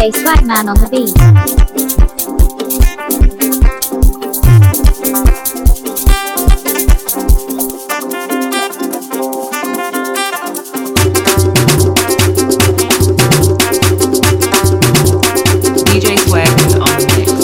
DJ Swagman on the beat. DJ Swagman on the mix.